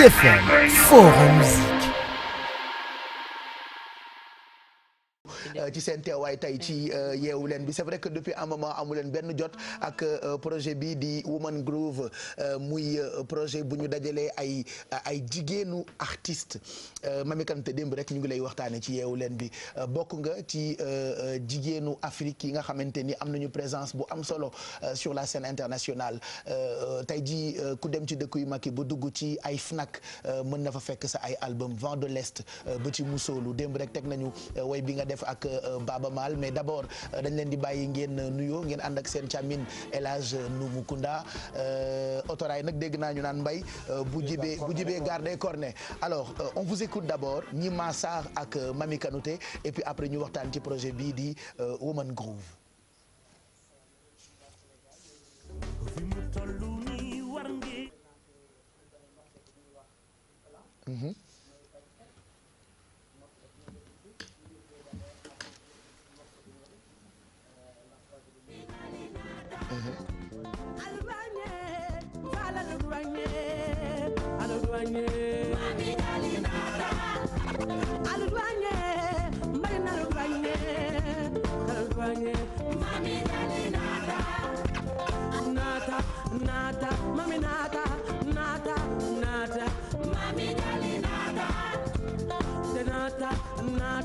BFM Forums. ci seen teewaay tey ci euh, yeewu leen bi c'est vrai que depuis un moment amu leen benn jot ak euh, projet bi di Woman Groove euh, muy projet bu ñu dajalee ay ay jigéenu artiste Mamy Kanouté démb rek ñu ngi lay waxtaane ci yeewu leen bi bokk nga ci jigéenu Afrique yi nga xamante ni am nañu présence bu am solo sur la scène internationale tey ji ku dem ci dëkk yu mag yi bu dugg ci ay Fnac mën na fa fekk sa ay album Vent de l'Est bu ci musoolu démb rek teg nañu way bi Euh, Baba Maal mais d'abord euh, dañ leen di bàyyi ngeen euh, nuyoo ngeen ànd ak seen càmmin El Hadj Numukunda autorail nag dégg naa ñu naan mbay bu jibee bu jibee gare des Cornets alors on vous écoute d'abord ñi Massar ak Mami Kanouté et puis après ñu waxtaan ci projet bii di Woman Groove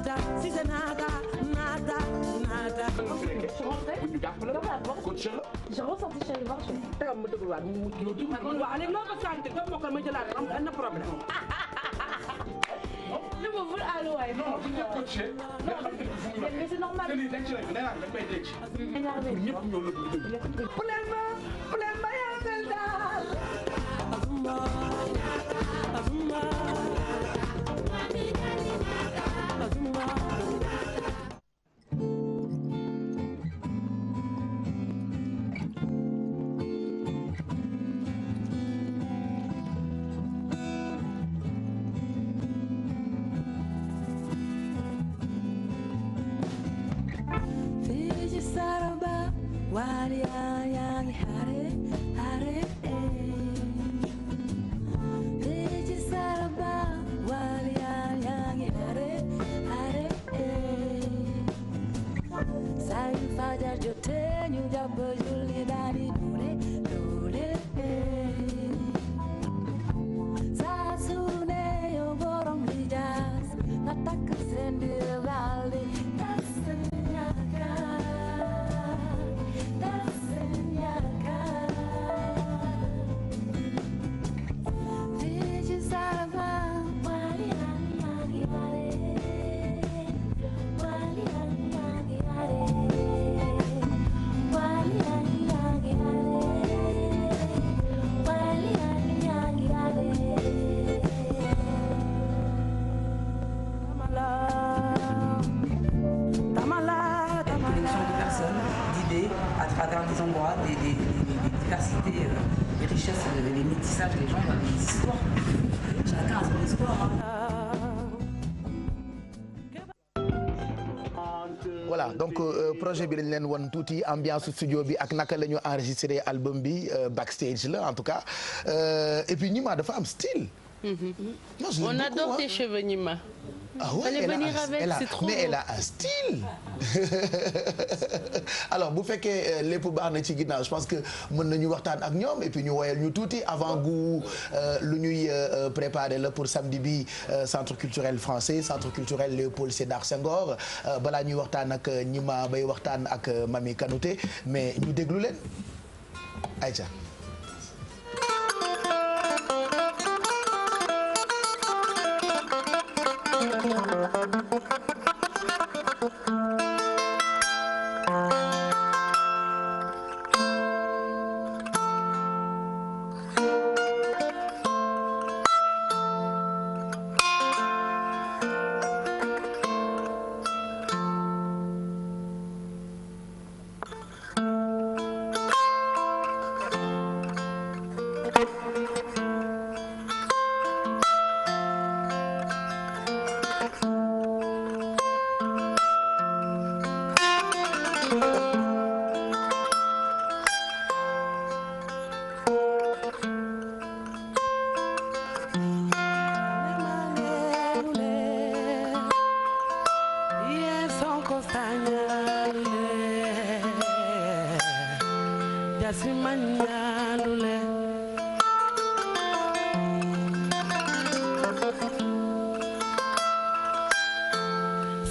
nada si c'est nada nada nada. je ressenti chez le marché. dama ma dégluwaat mu mu mu déglu. waaw léegi noo ko sant ba ma ko ma jëlaat am na problème. li ma bul àll waay. non bu ñu la coaché. nga xam ne fu mu la. mais c'est normal. te lii denc nañ ko nee naa ko dañ koy denc. ñëpp ñoo la dugg. Euh, euh, voilà donc euh, projet bi dañ leen won tuuti ambiance studio bi ak naka la ñu enregistré album bi backstage la en tout cas et puis ma dafa am style. Mm-hmm. non je on ma tes cheveux Nima. Ah bu fekkee euh, lépp baax na ci ginnaaw je pense que mën nañu waxtaan ak ñoom et puis ñu woyal ñu tuuti avant gu euh, lu ñuy euh, préparer la pour samedi bi centre culturel français centre culturel Léopold Sédar Senghor balaa ñuy waxtaan ak ñi bay waxtaan ak Mami Kanouté mais ñu déglu leen Thank you.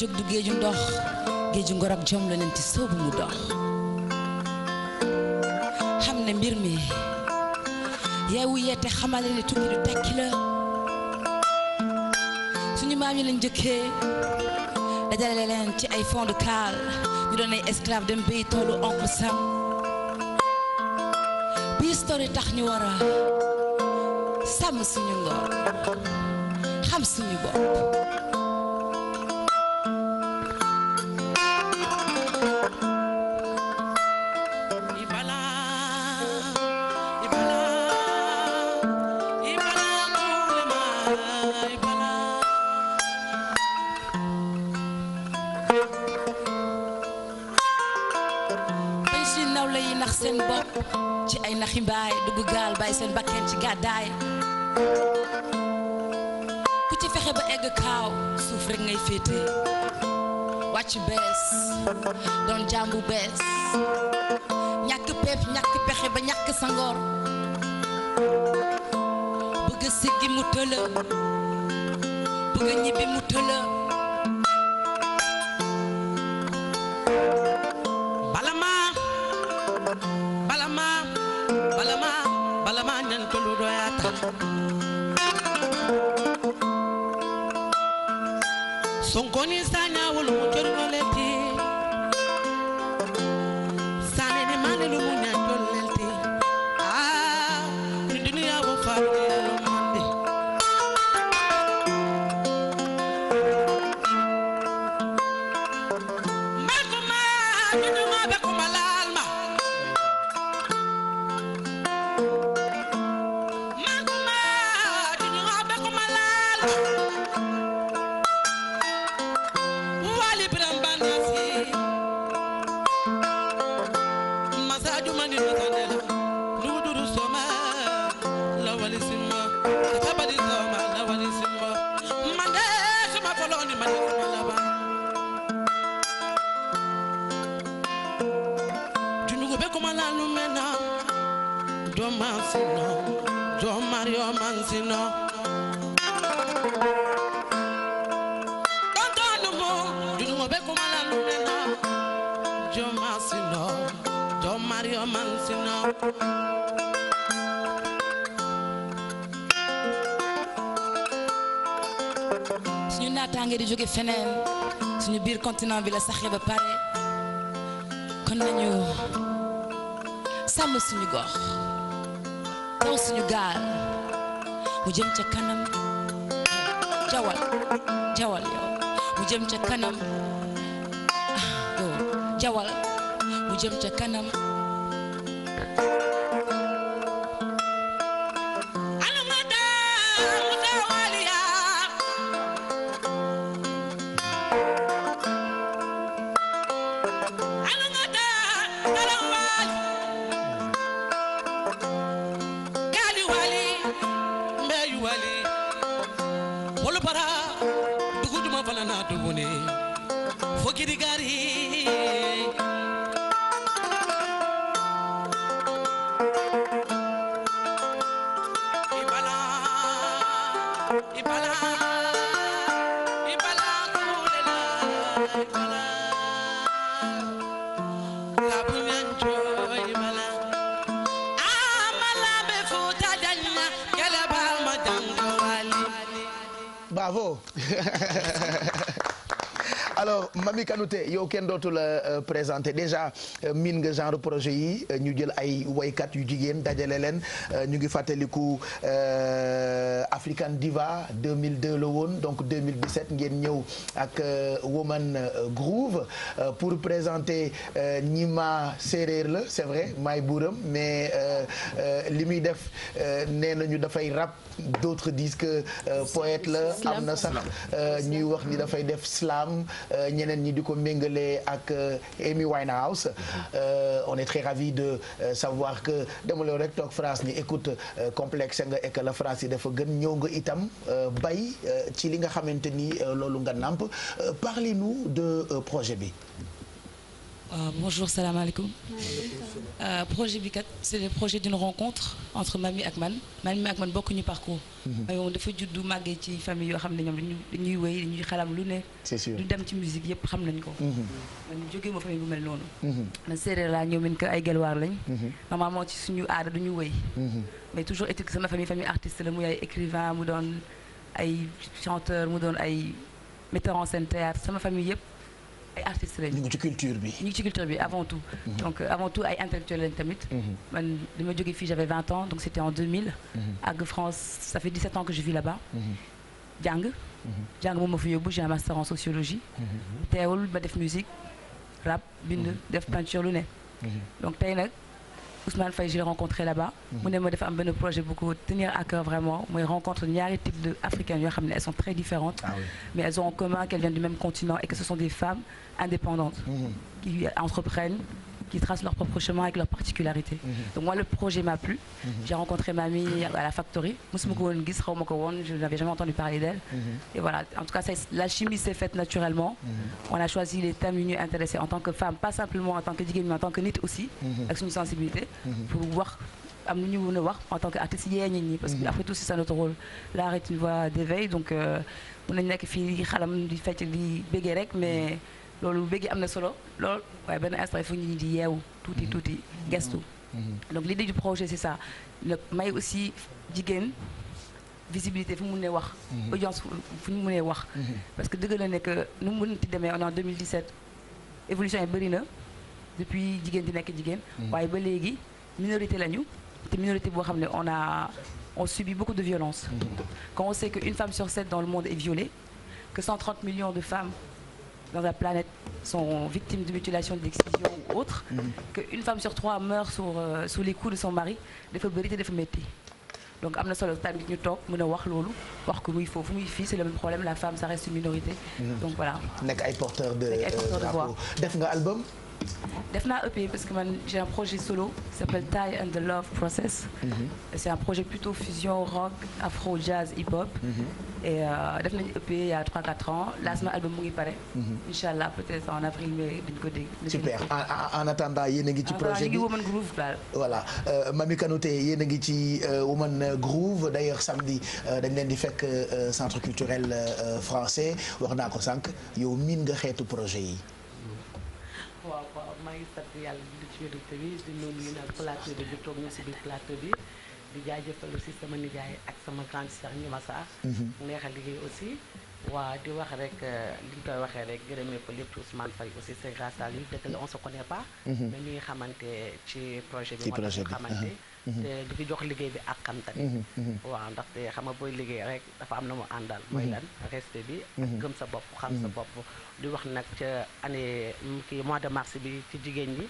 jóg du géeju ndox géeju ngor ak jom la leen ci soobu mu dox xam ne mbir mi yaay wu yeete xamale ne tukki du tekki la suñu maam yi lañ njëkkee dajale leen ci ay fond de cale ñu doon ay esclave dem béy toolu oncle Sam bi histoire tax ñu war a suñu ngor xam suñu bopp ci gàddaay ku ci fexe ba egg kaaw suuf rek ngay féete wàcc bees doon jàmbu bees ñàkk peep ñàkk pexe ba ñàkk sangoor bëgg siggi mu tëla bëgg ñibbi mu tëla Sonkoni sana wulu mujurma ngeen di jóge feneen suñu biir continent bi la saxee ba pare kon nañu sàmm suñu gox taw suñu gaal mu jëm ca kanam jawal jawal mu jëm ca kanam ah, jawal mu jëm ca kanam bravo alors Mamy Kanouté yow kenn dootu la euh, présenter déjà euh, miin nga genre projet yi euh, ñu jël ay woykat yu jigéen dajale leen ñu ngi fàttaliku African Diva 2002 la woon donc 2017 ngeen ñëw ak Woman Groove pour présenter ñi ma séréer la c'est vrai maay buuram mais li muy def nee nañu dafay rap d'autres disent que la am na sax ñuy wax ni dafay def slam Euh, ñeneen ñi di ko méngale ak euh, Amy Winehouse mhm. euh, on est très ravi de savoir que demuloo rek toog France ni écoute complexe nga et la France yi dafa gën ñëw nga itam bay ci li nga xamante ni loolu nga nàmp parlez-nous de projet bi Euh, bonjour salaamaaleykum euh, projet bi kat c'est le projet d'une rencontre entre Mamy ak man Mamy ak man bokkuñu parcours mhm. Mamy moom dafa juddu màggee ci famille yoo xam ne ñoom dañu dañuy wéy dañuy xalam lu ne du dem ci musique yëpp xam nañ ko mhm. man jógee ma famille bu mel noonu man mhm. séeréer laa ñëw min ko ay gelwaar lañ normalement ci suñu aada duñu wéy mais toujours est-il que sama famille famille artiste la muy ay écrivain mu doon ay chanteur mu doon ay metteur en sama famille yëpp ay artistes lañ. ñu ngi ci culture bi. ñu ngi ci avant tout. Mhm. donc euh, avant tout ay intellectuels lañ tamit. Mhm. man li ma jógee fii j'avais 20 ans donc c'était en 2000. ak mhm. France ça fait 17 ans que je vis là-bas. jàng. jàng moom ma fi yóbbu j'ai un master en sociologie. teewul ma def musique rap bind def peinture lu ne. donc tey nag. Ousmane Faye je l'ai rencontré là-bas. Mhm. mu ne ma dafa am benn projet bu ko tenir à cœur vraiment mooy rencontre ñaari types de africaines yoo xam ne elles sont très différentes. Ah oui. mais elles ont en commun qu'elles viennent du même continent et que ce sont des femmes indépendantes. Mhm. qui entreprennent. qui tracent leur propre chemin avec leurs particularités. Mhm. donc moi le projet m'a mhm. j'ai rencontré Mamie à la Factory mosuma ko gis xawma ko woon je n'avais jamais entendu parler d'elle. Mhm. et voilà en tout cas la chimie s'est faite naturellement. on a choisi les thèmes yu ñu en tant que femme pas simplement en tant que jigéen mais en tant que nit aussi. ak suñu sensibilité. pour wax am lu ñu mën a en tant que artiste yee nit parce que après loolu bëgg am na solo lool waaye benn instant il faut ñu di yeewu tuuti mhm. tuuti gestu mhm. donc l'idée du projet c'est ça nag may aussi jigéen visibilité fu mu mënee wax mhm. audience fu ñu mënee wax parce que dëgg la nekk nu mu ti demee on est en 2017 évolution yi bëri na depuis jigéen di nekk jigéen waaye ba léegi minorité lañu te minorité boo xam ne on a on subit beaucoup de violence quand on sait qu'une femme sur sept dans le monde est violée que millions de femmes dans la planète sont victimes de mutilations, d'excision ou autres, mm -hmm. qu'une femme sur trois meurt euh, sous les coups de son mari dafa bëri te dafa métti donc am na solo tamit ñu toog mën a wax loolu wax que muy foofu muy fii c'est le même problème la femme ça reste une minorité. Mm -hmm. donc voilà. nekk ay porteurs de. voix def nga album. def naa EP parce que man j'ai un solo qui s'appelle Tie and the Love Process. Mhm. c'est un projet plutôt fusion rock afro jazz hip hop. Mhm. Euh, def nañu EP il y a 3-4 ans laa album mu ngi pare. Mhm. incha allah peut-être en avril mai dañu ko dégg. super en attendant yéen a ngi ci projet bi Woman Groove daal. voilà euh, Mamy Kanouté yéen a ngi ci euh, Woman Groove d'ailleurs samedi dañ leen di fekk centre culturel français wax naa ko sànq yow miin nga xeetu projet yi. waaw waaw maa ngi sant yàlla di lu ci bi di nuyu ñu nag plateau bi di toog ñu si biir plateau bi di jaajëfal aussi sama nijaay ak sama grande sœur ñu ma saa neex a liggéey aussi waaw di wax rek li euh, ñu koy waxee rek gërëmee ko lépp Ousmane Faye aussi c'est grâce à lui dëgg on se connaît pas mhm. mais ñu ngi xamante ci projet bi moo tax xamante mhm. Mm-hmm. te di fi jox liggéey bi ak xam tamit mm-hmm. Mm-hmm. waaw ndaxte xam nga booy liggéey rek dafa am na mu àndal mooy lan resté bi ak gëm sa bopp xam sa bopp di wax nag ca année mm, kii mois de mars bi ci jigéen ñi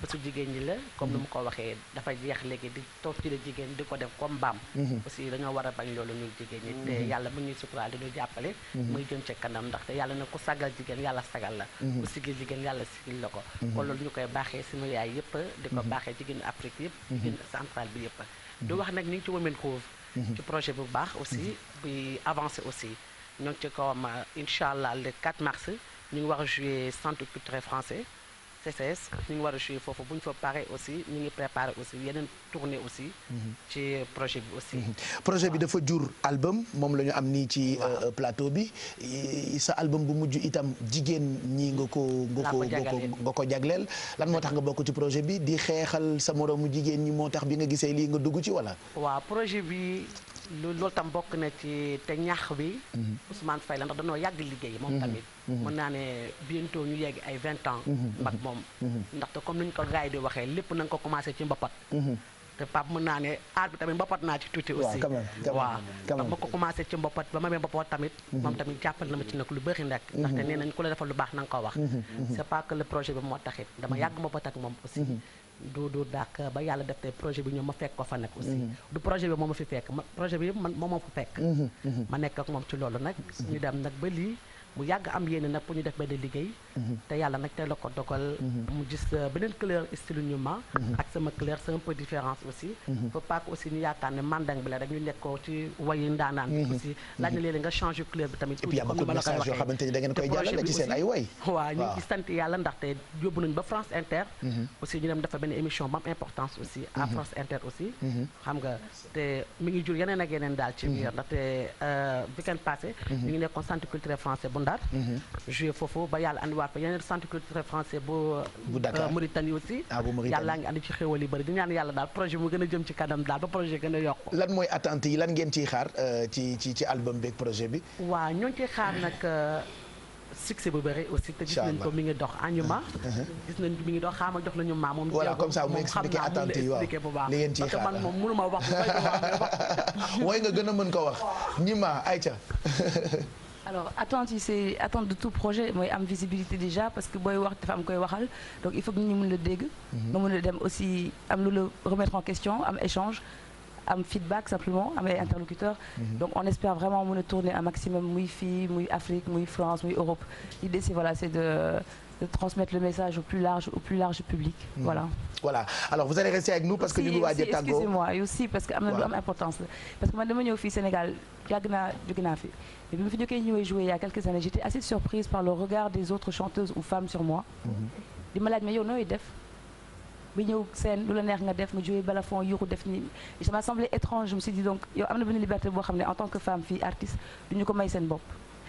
bésu jigéen ñi la comme ni mu ko waxee dafa jeex léegi di toog ci la jigéen di ko def comme mbaam aussi dañoo war a bañ loolu ñun jigéen ñi te yàlla mu ñuy sukuraal di ñu jàppale muy jëm ca kanam ndaxte yàlla na ku sagal jigéen yàlla sagal la ku sigil jigéen yàlla sigil la ko kon loolu ñu koy baaxee suñu yaay yëpp di ko baaxee jigéen Afrique yëpp jigéen salle yëpp du wax nag ñu ngi ci women cause mhm. ci projet bu baax aussi mhm. bi avancé aussi ñoo ngi ci euh, incha allah le 4 mars ñu ngi war a jouer centre culturel français CCS ñu ngi war a jouer foofu bu ñu fa paree aussi ñu ngi préparer aussi yeneen tourner aussi. Mhm. ci projet bi aussi. Mhm. projet bi dafa jur album moom la ñu am nii ci euh, plateau bi sa album bu mujj itam jigéen ñi nga ko. nga ko nga ko jagleel lan moo tax nga bokk ci projet bi di xeexal sa moroomu jigéen ñi moo tax bi nga gisee lii nga dugg ci wala. waaw projet bi loolu tam bokk na ci te ñax bi. Mhm. Ousmane Faye la ndax dañoo yàgg liggéey moom mhm. tamit. Mhm. mën naa ne bientôt ñu yegg ay vingt ans. mag moom. ndaxte comme ni ñu ko gars yi di waxee lépp na nga ko commencé ci mbapat. te Pape mën naa ne aar bi tamit mbapat naa ci ci mbapat ba ma mee mbapat tamit moom tamit jàppal na ma ci nag lu bëri nag ndaxte nee nañ ku la defal lu baax na nga ko wax c'est pas que le projet bi moo taxit dama yàgg mbapat ak moom aussi du du dàq ba yàlla def tey projet bi ñoom ma fekk ko fa nag aussi mhm. du projet bi moom ma fi fekk projet bi yëpp man moom ma fa fekk mhm, mhm. ma nekk ak moom ci loolu nag ñu dem nag ba lii bu yàgg am yéene nag pour ñu def benn liggéey. Mhm. te yàlla nag te la ko mhm. euh, beneen couleur style ñu ma. Mhm. ak sama couleur c'est peu différence aussi. faut pas aussi ñu yaakaar ne mandang bi la rek ñu nekkoo ci wayi ndaanaan bi aussi laaj nga changé couleur bi tamit. tuuti comme ni ma la ko waxee xamante ñu ngi sant yàlla ndaxte yóbbu nañu ba France Inter. aussi ñu dem dafa benn émission ba importance aussi. à France Inter aussi. xam nga te mi ngi jur yeneen ak yeneen bu Ndar. Mhm. joué foofu ba yàlla andiwaat fa yeneen centre culturel français bu. bu Dakar euh, Mauritanie ah, gën a jëm ci kanam daal ba projet gën a yokk. lan mooy attente yi lan ngeen ciy xaar euh, ci album beeg projet bi. waaw ñoo ngi xaar nag. Euh, succès bu bëri te gis nañ ko mi ngi dox añuma ah, ah, gis nañ mi ngi dox xaama jox nañu ma moom voilà comme mu expliqué attente yi li ngeen ciy xaar man moom mënu ma wax way nga gën a mën ko wax ñi ma ayca alors attente yi tout projet mooy am visibilité déjà parce que booy wax dafa am koy waxal donc il faut que nit ñi mën la dégg mhm. nga mën a dem aussi am lu la remettre en question am échange am feedback simplement am ay interlocuteurs mhm. donc on espère vraiment mën a tourner un maximum muy fi muy Afrique muy France muy Europe l'idée c'est voilà de transmettre le message au plus large, public. Mhm. Voilà. Alors vous allez rester avec nous parce que ñu ngi waaj a tàggoo. excusez aussi parce que am na lu am Sénégal yàgg naa jóge fi mais ma fi jógee ñëwee jouer il y a quelques années j'étais assez surprise par le regard des autres chanteuses ou femmes sur moi. Mhm. di ma laaj mais def. bi ñëw seen nga def nga jógee balafon yuuxu def ni ça m'a semblé étrange je me dit donc yow am na benn liberté boo xam ne en que femme fille artiste duñu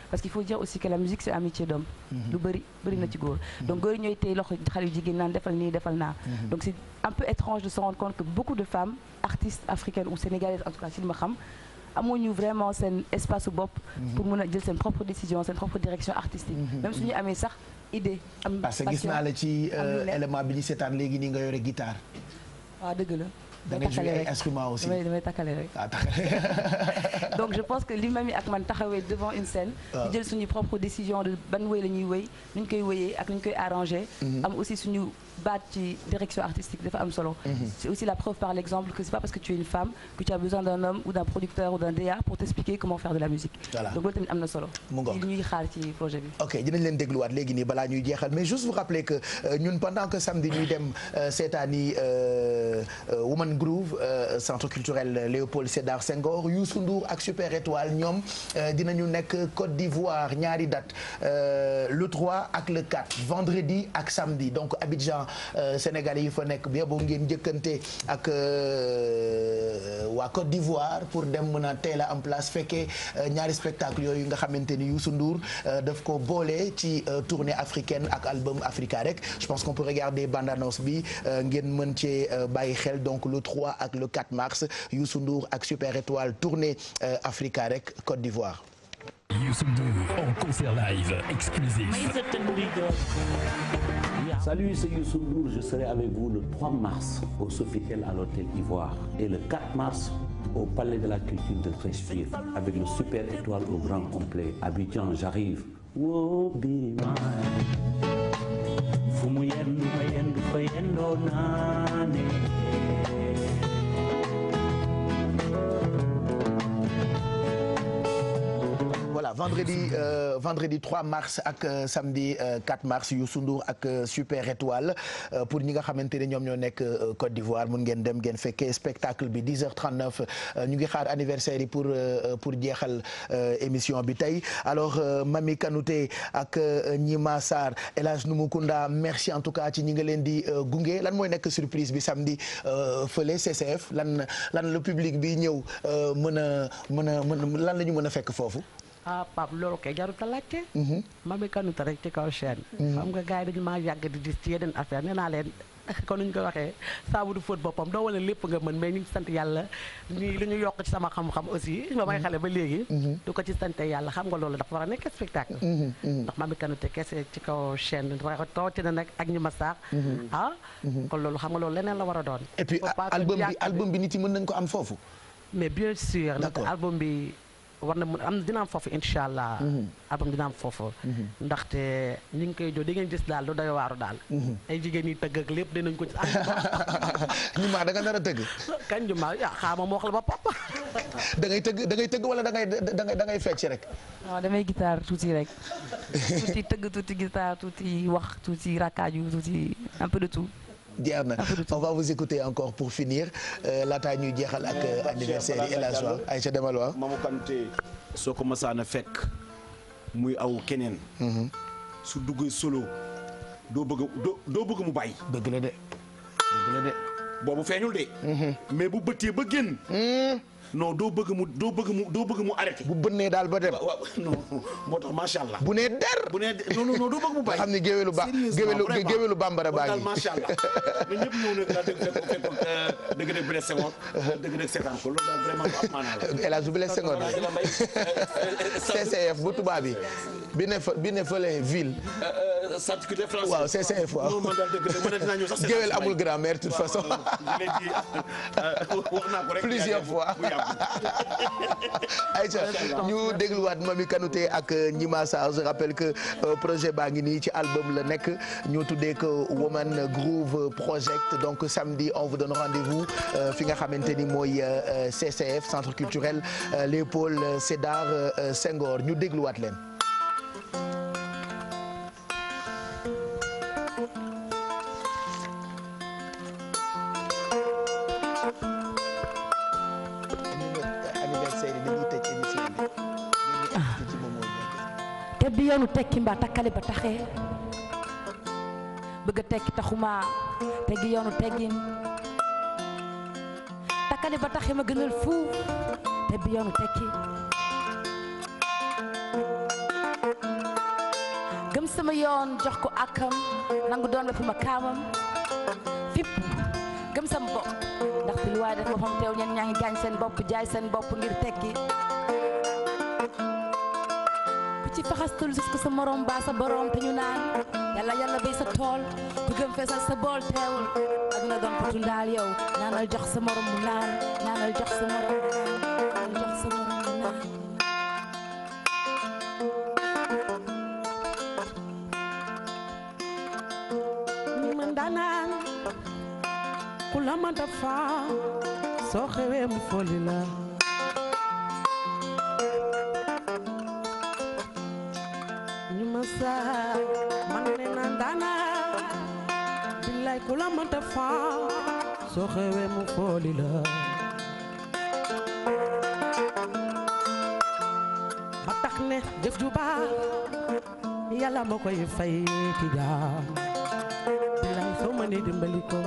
parce qu'il faut dire aussi que la musique c'est un métier d'homme mhm. lu bëri bëri na ci góor mhm. donc góor ñooy tey loxo xale yu jigéen naan defal nii defal naa mhm. donc c'est un peu étrange de se rendre compte que beaucoup de femmes artistes africaines ou sénégalaises en tout cas si ma xam amuñu vraiment seen espace su bopp pour mën a jël seen propre décision seen propre direction artistique même ñu amee sax idée am parce que gis naa la ci euh, élément bi ñu léegi nii nga yore guitare waaw ah, dëgg la da ngay jouer ay ah, donc je pense que li ma mi ak man taxawee devant une scène ah. di jël suñu propre décision de ban wéy la ñuy wéy nu ñu koy wéyee ak nu ñu koy arrangé mm-hmm. am aussi suñu baat ci direction am solo mhm. c'est aussi la preuve par l'exemple que c'est pas parce que tu es une femme que tu as besoin d'un homme ou d'un producteur ou d'un DA pour t'expliquer comment faire de la musique voilà donc loolu na solo mu ngoog euh, pendant que samedi ñuy dem euh, seetaani euh, Woman Groove centre culturel Léopold Sédar Senghor Youssou Ndour ak Super Étoile ñoom dinañu nekk Côte d'Ivoire ñaari le 3 ak le 4 vendredi ak samedi donc Abidjan Euh, sénégalais yi fa nekk bi boo ngeen njëkkante ak euh, waa Côte d'Ivoire pour dem mën a teel a en place fekkee euh, ñaari spectacle yooyu nga xamante ni Youssou Ndour daf ko boole ci tournée africaine ak album Africa rek je pense qu'on peut regarder bi ngeen mën cee bàyyi xel donc le 3 ak le 4 mars Youssou Ndour ak Super Étoile tournée Africa rek Côte d'Ivoire. Youssou en concert live exclusif. Salut, c'est Youssou Je serai avec vous le 3 mars au Sofitel à l'hôtel Ivoire et le mars au Palais de la Culture de Crècheville avec le Super Étoile au grand complet. Abidjan, j'arrive. Oh, be mine. vendredi euh, vendredi 3 mars ak euh, samedi 4 euh, mars yu Ndour ak Super Étoile pour ñi nga xamante ne ñoom ñoo nekk Côte d'Ivoire mun ngeen dem ngeen fekkee spectacle bi 10h39 ñu ngi xaar anniversaire yi pour pour jeexal émission bi tey alors Mami Kanouté ak Nima Sarr El Hadj Numukunda merci en tout cas ci ñi nga leen di gunge lan mooy nekk surprise bi samedi fële CCF lan lan le public bi ñëw mën a mën a mën lan la ñu mën a fekk foofu. ah Pape loolu kay jarut a laajte. Mhm. Mamy rek ci kaw chaîne. Mhm. xam nga gars dañu maa yàgg di dis ci yeneen affaire nee leen kon nuñ ko waxee saabu du fóot boppam doo wane lépp nga mën mais ñu ngi sant yàlla ni xam-xam aussi. ba may mhm. xale ba léegi. du ko ci sant yàlla xam nga loolu dafa war a nekk spectacle. ndax Mamy Kanouté kese ci kaw chaîne dafa tawte na nag ak ñu ma saax. ah kon loolu xam nga loolu leneen la war a doon. et puis album bi nit mën nañu ko am foofu. mais bien sûr. album bi. war mu mën am dina am foofu incha allah. album mm-hmm. dina am foofu. Mm-hmm. ndaxte ñu ngi koy jox di ngeen gis daal lu doy waaru daal. Mm-hmm. ay jigéen ñi tëgg ak lépp dinañ ko ci. ñu maa da nga nar a tëgg. kañ ñu maa ah ma wax la ba papa. da tëgg da ngay tëgg wala da ngay da da ngay fecc rek. waaw damay guitare tuuti rek. tuuti tëgg tuuti guitare tuuti wax tuuti rakkaaju tuuti un jeex na on va vous écouter encore pour finir euh, laataa ñuy jeexal ak euh, anniversaire yi El Hadj Wa Aïcha demal waaw Mamu Kanté soo ko masaana fekk muy aw keneen mhm. su duggee solo doo bëgg doo bëgg mu bàyyi dëgg la de boobu feeñul de mhm. mais bu bëttee ba génn mhm. non doo bëgg mu doo bëgg mu doo bëgg mu arrêté. bu bënnee daal ba dem waaw moo tax macha allah. bu nee der bu nee doo bëgg mu bàyyi. xam ne géwélu ba géwélu bambara baa ngi. macha allah mais ñëpp ñëw na bu euh, am maanaa la. El Hadj blessé woon CCF bu tubaab bi bi ne fële ville. Euh, euh, certificat français waaw CCF waaw. non man daal dëgg la man amul grammaire de toute façon. wax naa fois. ayca ñu dégluwaat Mamy Kanouté ak Gnima Sarr je rappelle que euh, projet baa ngi nii ci album la nekk ñu tuddee ko Woman Groove Project donc samedi on vous donne rendez-vous euh, fi nga xamante ni mooy euh, CCF centre culturel Léopold Sédar Senghor ñu dégluwaat leen. yoonu tekki mbaa takkali ba taxee bëgg a tekki taxuma te gi yoonu teggin takkali ba taxee ma gënal fuuf te bi yoonu tekki gëm sama yoon jox ko akam nangu doon la fi ma kaamam fipp gëm sama bopp ndax fi lu waaye def teew ñeen ñaa ngi gaañ seen bopp jaay seen bopp ngir tekki ci faxastal jusque sa morom baa sa borom te ñu naan yàlla yàlla béy tool ku gëm feesal sa bool teewul ak na doon potu ndaal yow naanal jox sa morom mu naan naanal jox sa sa morom mu naan ku la mënta soo xewee mu foli faa soo xewee mu fooli la ba tax ne jëf ju baax yàlla moo koy fay ki jaam bilaay soo mënee dimbali ko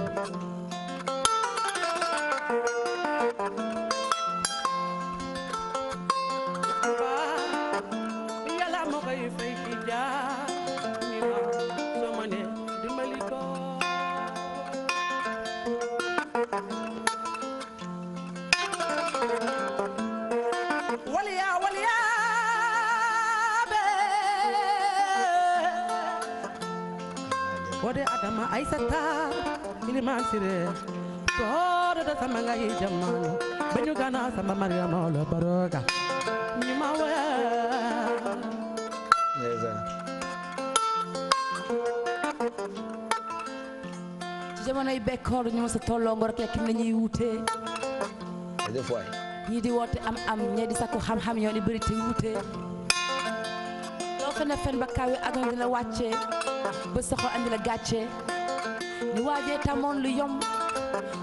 mode adama aysata iliman sire toro da sama ngai jamma banyu gana sama mariama lo ma nimawa ci jamonoy bekkoor ñu mësa tolloo ngor kekk ni lañuy wute des fois ñii di woote am am ñee di sakku xam-xam yoon yi te wute doo fen fen ba kaawi adoon dina wàcce ba soxo andi la gàcce ni waajee tàmmoon lu yomb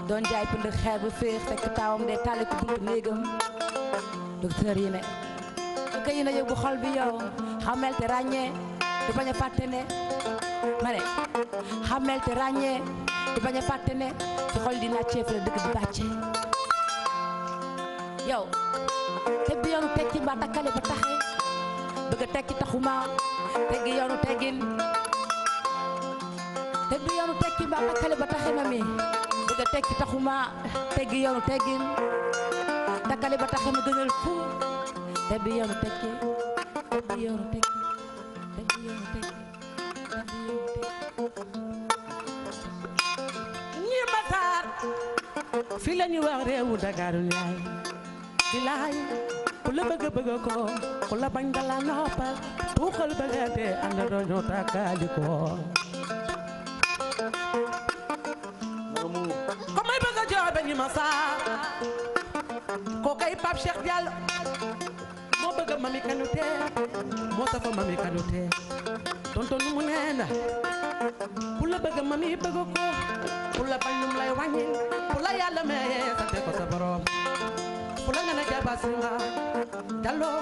doon jaay pënd xeer bu féex fekk taawam dee tàlli ko néegam docteur yi ne ka yi na yóbbu xol bi yow xamel te ràññee du bañ a fàtte ne ma ne xamel te su xol di nàccee fa la dëgg di bàcce yow te bi yoonu tekki mbaa takkale ba taxe bëgg a tekki taxuma teggi yoonu teggin teg du yoonu tekki ba ak ba taxe ma mi bëgg a tekki taxuma teggi yoonu teggin takkale ba taxe ma gënal fu te yoonu tekki te du yoonu tekki te du yoonu tekki te du yoonu ku la bëgg bëgg ko ku la bañ dala noppal tuuxal bëgg a dee ànd doo ñu ko Massar ko kay Pape Cheikh moo bëgg Mamy Kanouté moo safa Mamy mu nee ku la bëgg Mamy bëgg ko ku la bañ lay wàññi ku la yàlla mayee sante ko sa borom ku la nga na jaba singa Diallo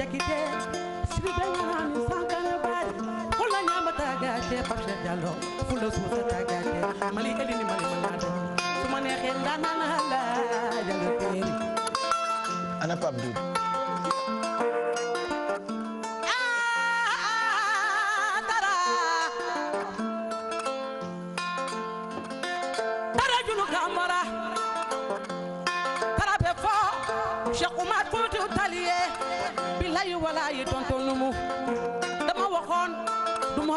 jakite siri bay ñaami sankana baari ku la ñaama tagaate Pape Cheikh Diallo ku la suusa tagaate mali elini mali mali mu neexee ndanaan la jàll ana Pape Doudou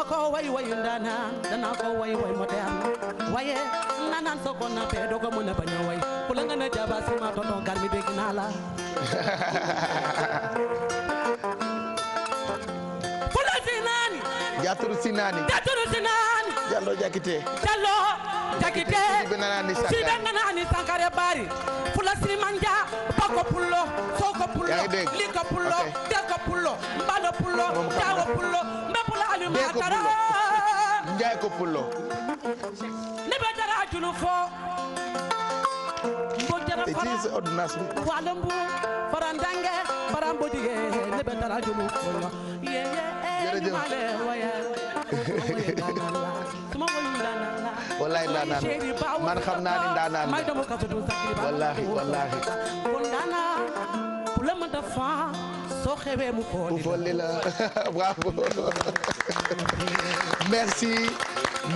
ma ko way wayu ndaanaan danaa a a way ku la nga ne jaaba si ma tonton Kalmi dégg naa la si naani jaaturu si naani jaaturu si naani jalloo jakite jalloo jakite siribe naani sankare baari fula si manja bako pullo soo ko pullo li ko pullo de ko mbalo pullo jaawo pullo dee ko pulo njaay ko pulo ne be dara julu fo mbok jara fara ci ordonnance bi wala mbu farandange faram bo dige ne be dara julu fo ye ye male waya suma woyu wallahi ndaanaan man xam naa soo xewee mu ko mu folli la bravo merci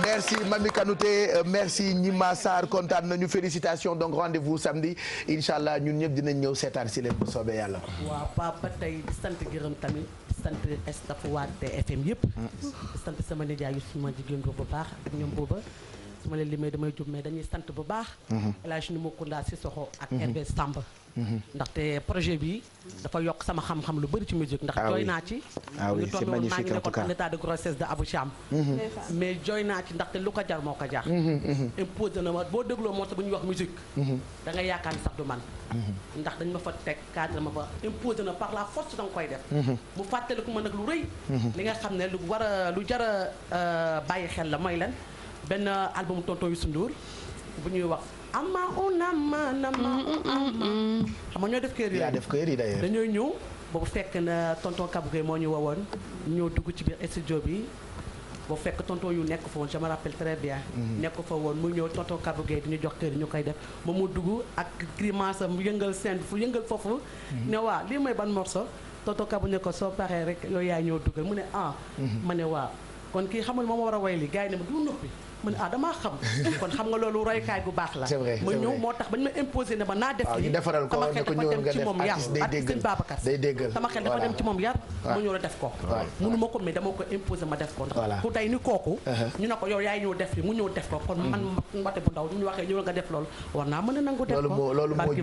merci Mami Kanouté euh, merci Gnima Sarr kontaan nañu félicitations donc rendez-vous samedi incha allah ñun ñëpp dinañ ñëw seetaan si leen bu soobee yàlla. waaw papa tey di sant gërëm tamit di sant staff waa TFM yëpp. Mm. di sant sama nijaay yu suma jigéen bu baax ak ñoom booba. su ma leen limee damay jub mais dañuy sant bu baax. Mhm. El Hadj Numukunda Sissoko ak Hervé mhm. Samb. Mhm. ndaxte projet bi dafa yokk sama xam-xam lu bëri ci musique ndax ah jooy naa ci ñu tombé woon maa ngi nekkoon en état mais jooy naa ci ndaxte lu ko jar moo ko jaax imposé na ma boo dégloo moo sa bu ñuy wax musique da nga yaakaar ni sax du man ndax dañ ma fa teg cadre ma fa imposé na par la force da koy def mu ku ma nag lu rëy li nga xam ne lu war a lu jar a euh, bàyyi xel la mooy lan benn album tonton Youssou Ndour bu ñuy wax ama una ma na ma ama mm, mm, mm, xam nga ñoo def kër yi yaa def kër yi d'ailleurs dañooy ñëw boobu fekk na tonton Kabouké moo ñu wowoon ñoo dugg ci biir studio bi boo fekk tonton yu nekk fa woon je me rappelle très bien. Mm-hmm. nekk fa woon mu ñëw tonton Kabou Gueye di ñu jox kër ñu koy def ba mu dugg ak grimace am yëngal seen fu yëngal foofu. Mm-hmm. ne waa lii mooy ban morso tonton Kabou ne ko soo paree rek yow yaay ñëw duggal mu ne ah. Mm-hmm. ma ne waa kon kii xamul moom moo war a li gars yi ma du noppi. ma ne ah xam xam nga loolu roykaay bu baax la ma ñëw moo tax bañ ma imposé ne ma naa def lii sama xel dafa dem ci moom yar ma ñëw def ko mënu ko mais dama ko imposé ma def ko ndax ku tey ni kooku uh-huh. ñu ne ko yow yaay ñëw def li mu ñëw def ko kon man mm. mbate bu ndaw ñu waxee ñëw nga def loolu war naa mën a nangu def ko loolu moo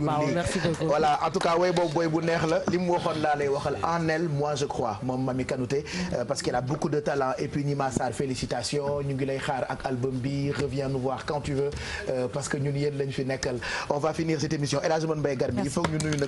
julli waxoon laa lay waxal en elle moi je crois moom Mamy Kanouté euh, parce qu'elle a beaucoup de talent et puis Nima Sarr félicitations ñu Gambie reviens nous voir quand tu veux euh, parce que ñun yéen lañ fi nekkal on va finir cette émission El Hadj Mbaye Garmi il faut ñu nuyu